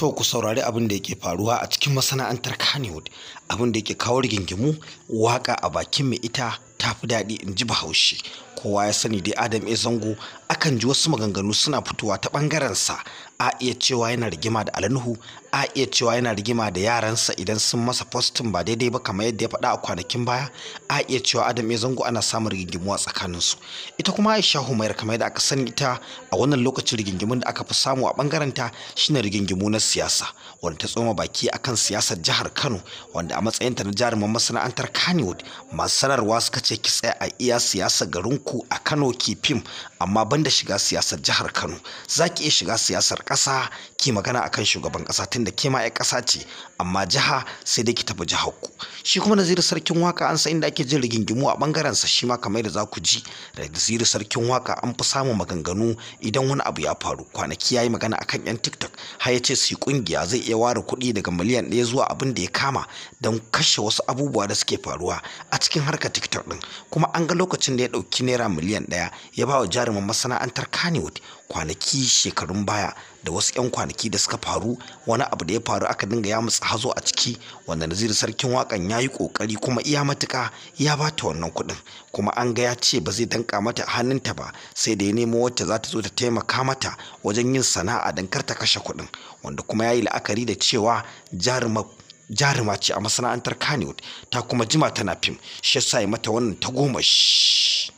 to ku saurari abin da yake faruwa a cikin masana'antar Kannywood abin da yake kawo rigingimu waka a bakin mai ita ta fi daɗi in ji bahaushe kowa ya sani dai Adam E zango akan ji wasu maganganu suna fitowa ta ɓangarensa a iya cewa yana rigima da alnuhu a iya cewa yana rigima da yaransa idan sun masa postin ba daidai ba kamar yadda ya faɗa a kwanakin baya a iya cewa adam ya zango ana samun rigingimu a tsakanin su ita kuma aisha humayar kamar yadda aka sani ita a wannan lokacin rigingimun da aka fi samu a bangaren ta shine rigingimu na siyasa wanda ta tsoma baki akan siyasar jihar kano wanda a matsayinta na jaruman masana'antar kanewood masu sanarwa suka ce ki tsaya a iya siyasar garinku a kano ki fim amma banda shiga siyasar jihar kano za ki iya shiga siyasar ƙasa ki magana akan shugaban ƙasa tunda ke ma 'yan ƙasa ce amma jiha sai dai ki tafi jihar ku shi kuma naziru sarkin waka an san inda ake jin rigingimu a bangaren sa shi ma kamar da za ku ji naziru sarkin waka an fi samun maganganu idan wani abu ya faru kwanaki ya yi magana akan 'yan tiktok har ya ce su yi kungiya zai iya ware kuɗi daga miliyan ɗaya zuwa abin da ya kama don kashe wasu abubuwa da suke faruwa a cikin harkar tiktok ɗin kuma an ga lokacin da ya ɗauki naira miliyan ɗaya ya ba wa jarumin masana'antar kanewood kwanaki shekarun baya da wasu 'yan kwanaki da suka faru wani abu da ya faru aka dinga ya mutsa hazo a ciki wanda naziru sarkin wakan ya yi kokari kuma iya matuka ya ba ta wannan kuɗin kuma an ga ya ce ba zai danka mata hannunta ba sai da ya nemo wacce za ta zo ta taimaka mata wajen yin sana'a don kar ta kashe kuɗin wanda kuma ya yi la'akari da cewa jarumar jaruma ce a masana'antar kaniwood ta kuma jima tana fim shi yasa mata wannan ta goma shi